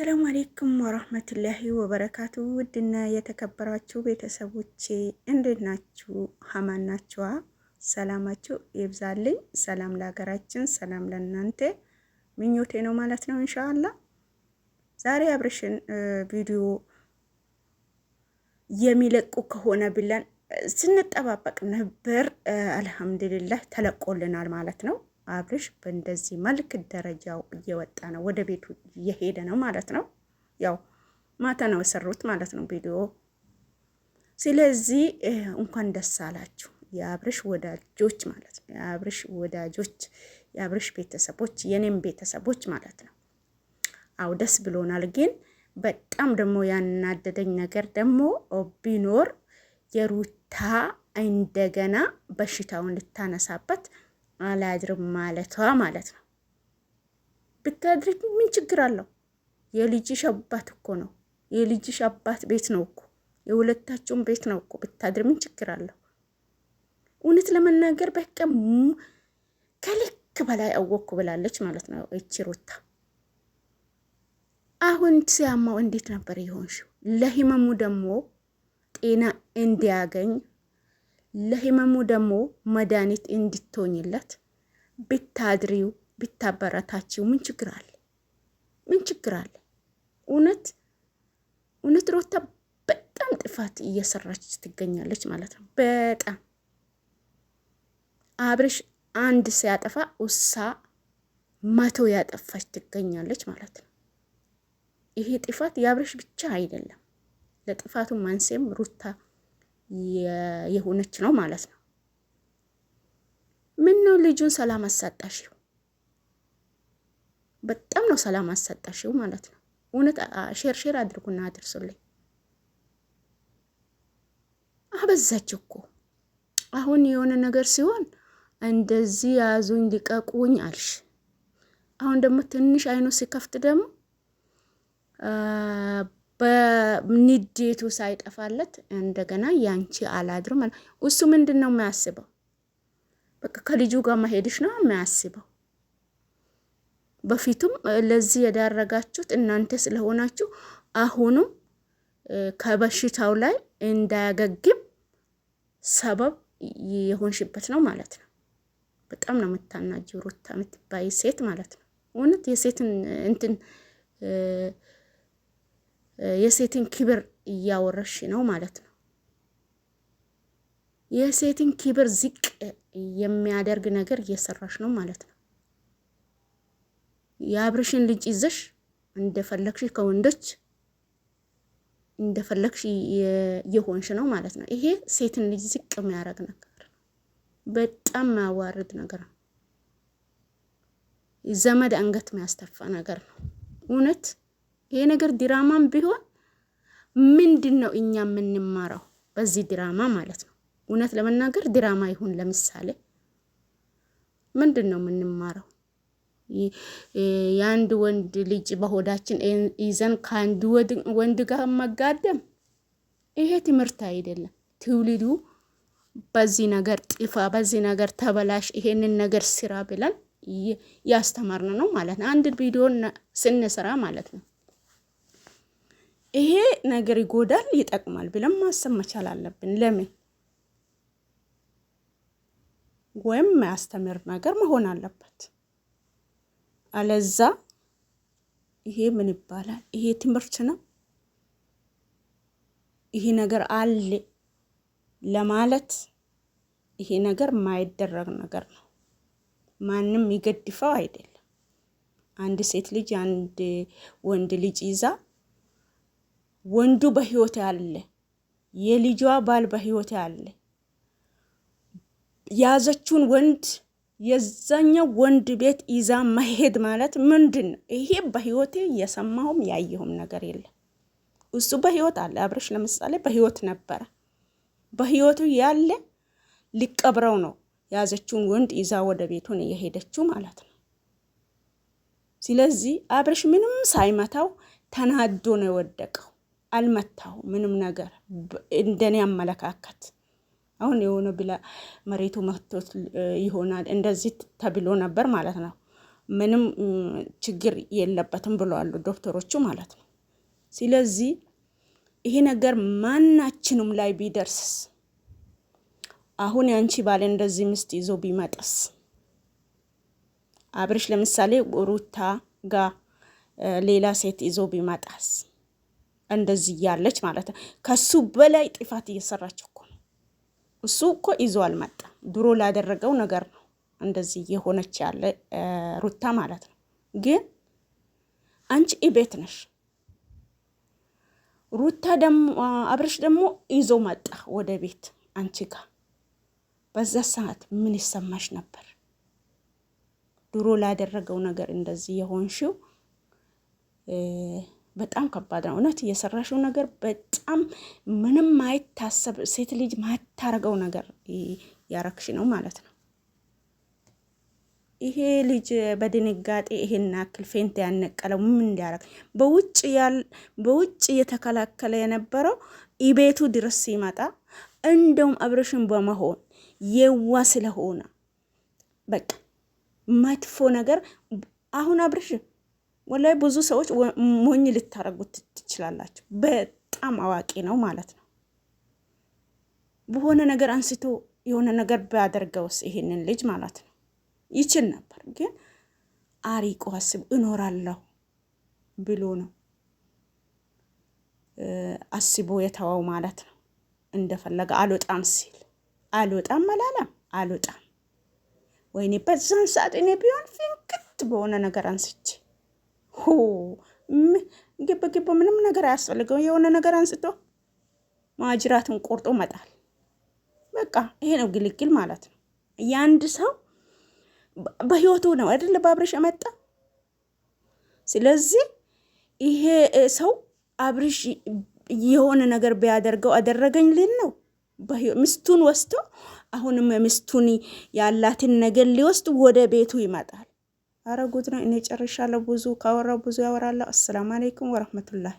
አሰላሙ አሌይኩም ወረህመቱላሂ ወበረካቱ። ውድና የተከበራችሁ ቤተሰቦቼ እንዴት ናችሁ? ሀማን ናችኋ? ሰላማችሁ ይብዛልኝ። ሰላም ለሀገራችን፣ ሰላም ለእናንተ ምኞቴ ነው ማለት ነው። እንሻአላ ዛሬ አብርሽን ቪዲዮ የሚለቁ ከሆነ ብለን ስንጠባበቅ ነበር። አልሐምዱሊላህ ተለቆልናል ማለት ነው። አብርሽ በእንደዚህ መልክ ደረጃው እየወጣ ነው፣ ወደ ቤቱ እየሄደ ነው ማለት ነው። ያው ማታ ነው የሰሩት ማለት ነው ቪዲዮ። ስለዚህ እንኳን ደስ አላችሁ የአብርሽ ወዳጆች ማለት ነው፣ የአብርሽ ወዳጆች፣ የአብርሽ ቤተሰቦች፣ የኔም ቤተሰቦች ማለት ነው። አው ደስ ብሎናል። ግን በጣም ደግሞ ያናደደኝ ነገር ደግሞ ቢኖር የሩታ እንደገና በሽታውን ልታነሳበት አላድርም ማለቷ ማለት ነው። ብታድሪ ምን ችግር አለው? የልጅሽ አባት እኮ ነው። የልጅሽ አባት ቤት ነው እኮ የሁለታቸውም ቤት ነው እኮ። ብታድር ምን ችግር አለው? እውነት ለመናገር በቃ ከልክ በላይ አወቅኩ ብላለች ማለት ነው እቺ ሩታ። አሁን ሲያማው እንዴት ነበር የሆንሽው? ለህመሙ ደግሞ ጤና እንዲያገኝ ለህመሙ ደግሞ መድኃኒት እንድትሆኝለት ብታድሪው ብታበረታችው ምን ችግር አለ? ምን ችግር አለ? እውነት እውነት ሮታ በጣም ጥፋት እየሰራች ትገኛለች ማለት ነው። በጣም አብርሽ አንድ ሲያጠፋ ውሳ መቶ ያጠፋች ትገኛለች ማለት ነው። ይሄ ጥፋት የአብርሽ ብቻ አይደለም። ለጥፋቱ መንስኤም ሩታ የሆነች ነው ማለት ነው። ምን ነው ልጁን ሰላም አሳጣሽው? በጣም ነው ሰላም አሳጣሽው ማለት ነው። እውነት ሼር ሼር አድርጉና አድርሱልኝ። አበዛች እኮ አሁን የሆነ ነገር ሲሆን እንደዚህ ያዙኝ ሊቀቁኝ አልሽ። አሁን ደግሞ ትንሽ አይኖ ሲከፍት ደግሞ ንዴቱ ሳይጠፋለት እንደገና ያንቺ አላድር ማለት እሱ ምንድን ነው የሚያስበው? በቃ ከልጁ ጋር መሄድሽ ነው የሚያስበው። በፊቱም ለዚህ የዳረጋችሁት እናንተ ስለሆናችሁ አሁኑም ከበሽታው ላይ እንዳያገግም ሰበብ የሆንሽበት ነው ማለት ነው። በጣም ነው የምታናጅ ሩታ የምትባይ ሴት ማለት ነው። እውነት የሴትን እንትን የሴትን ክብር እያወረሽ ነው ማለት ነው። የሴትን ክብር ዝቅ የሚያደርግ ነገር እየሰራሽ ነው ማለት ነው። የአብርሽን ልጅ ይዘሽ እንደፈለግሽ ከወንዶች እንደፈለግሽ የሆንሽ ነው ማለት ነው። ይሄ ሴትን ልጅ ዝቅ የሚያደርግ ነገር ነው። በጣም የሚያዋርድ ነገር ነው። ዘመድ አንገት የሚያስተፋ ነገር ነው እውነት ይሄ ነገር ድራማም ቢሆን ምንድን ነው እኛ የምንማረው በዚህ ድራማ ማለት ነው? እውነት ለመናገር ድራማ ይሁን ለምሳሌ ምንድን ነው የምንማረው? የአንድ ወንድ ልጅ በሆዳችን ይዘን ከአንድ ወንድ ጋር መጋደም ይሄ ትምህርት አይደለም። ትውልዱ በዚህ ነገር ጥፋ፣ በዚህ ነገር ተበላሽ፣ ይሄንን ነገር ስራ ብለን ያስተማርን ነው ማለት ነው። አንድ ቪዲዮ ስንሰራ ማለት ነው። ይሄ ነገር ይጎዳል፣ ይጠቅማል ብለን ማሰብ መቻል አለብን። ለምን ወይም የሚያስተምር ነገር መሆን አለበት። አለዛ ይሄ ምን ይባላል? ይሄ ትምህርት ነው፣ ይሄ ነገር አለ ለማለት ይሄ ነገር ማይደረግ ነገር ነው። ማንም ይገድፈው አይደለም። አንድ ሴት ልጅ አንድ ወንድ ልጅ ይዛ ወንዱ በህይወት አለ፣ የልጇ ባል በህይወት አለ። ያዘችውን ወንድ የዛኛው ወንድ ቤት ይዛ መሄድ ማለት ምንድን ነው? ይሄ በህይወቴ የሰማሁም ያየሁም ነገር የለም። እሱ በህይወት አለ። አብረሽ ለምሳሌ በህይወት ነበረ። በህይወቱ ያለ ሊቀብረው ነው የያዘችውን ወንድ ይዛ ወደ ቤቱን እየሄደችው ማለት ነው። ስለዚህ አብረሽ ምንም ሳይመታው ተናዶ ነው የወደቀው። አልመታው ምንም ነገር እንደኔ አመለካከት አሁን የሆነ ብላ መሬቱ መቶት ይሆናል እንደዚህ ተብሎ ነበር ማለት ነው። ምንም ችግር የለበትም ብለዋሉ ዶክተሮቹ ማለት ነው። ስለዚህ ይሄ ነገር ማናችንም ላይ ቢደርስስ አሁን የአንቺ ባል እንደዚህ ምስት ይዞ ቢመጣስ? አብርሽ ለምሳሌ ሩታ ጋ ሌላ ሴት ይዞ ቢመጣስ? እንደዚህ ያለች ማለት ነው። ከሱ በላይ ጥፋት እየሰራች እኮ ነው። እሱ እኮ ይዞ አልመጣም። ድሮ ላደረገው ነገር ነው እንደዚህ የሆነች ያለ ሩታ ማለት ነው። ግን አንቺ እቤት ነሽ። ሩታ ደሞ አብረሽ ደግሞ ይዞ መጣ ወደ ቤት አንቺ ጋር። በዛ ሰዓት ምን ይሰማሽ ነበር? ድሮ ላደረገው ነገር እንደዚህ የሆንሽው በጣም ከባድ ነው እውነት። የሰራሽው ነገር በጣም ምንም ማይታሰብ ሴት ልጅ ማታረገው ነገር ያረክሽ ነው ማለት ነው። ይሄ ልጅ በድንጋጤ ይሄን ያክል ፌንት ያነቀለው ምን እንዲያረግ በውጭ ያል በውጭ እየተከላከለ የነበረው ኢቤቱ ድረስ ሲመጣ እንደውም አብረሽን በመሆን የዋ ስለሆነ በቃ መጥፎ ነገር አሁን አብረሽ ወላይ ብዙ ሰዎች ሞኝ ልታረጉት ትችላላችሁ። በጣም አዋቂ ነው ማለት ነው። በሆነ ነገር አንስቶ የሆነ ነገር ባደርገውስ ይሄንን ልጅ ማለት ነው ይችል ነበር፣ ግን አሪቆ አስብ እኖራለሁ ብሎ ነው አስቦ የተዋው ማለት ነው። እንደፈለገ አልወጣም ሲል አልወጣም አላለም፣ አልወጣም ወይኔ፣ በዛን ሰዓት እኔ ቢሆን ፊንክት በሆነ ነገር አንስቼ ሆ ግብ ምንም ነገር አያስፈልገው። የሆነ ነገር አንስቶ ማጅራትን ቆርጦ መጣል። በቃ ይሄ ነው ግልግል ማለት ነው። የአንድ ሰው በህይወቱ ነው አይደል በአብርሽ የመጣ ስለዚህ ይሄ ሰው አብርሽ የሆነ ነገር ቢያደርገው አደረገኝ ልን ነው ሚስቱን ወስቶ አሁንም ሚስቱን ያላትን ነገር ሊወስድ ወደ ቤቱ ይመጣል። አረጉት ነው። እኔ ጨርሻለሁ። ብዙ ካወራው ብዙ ያወራለሁ። አሰላሙ አለይኩም ወረህመቱላህ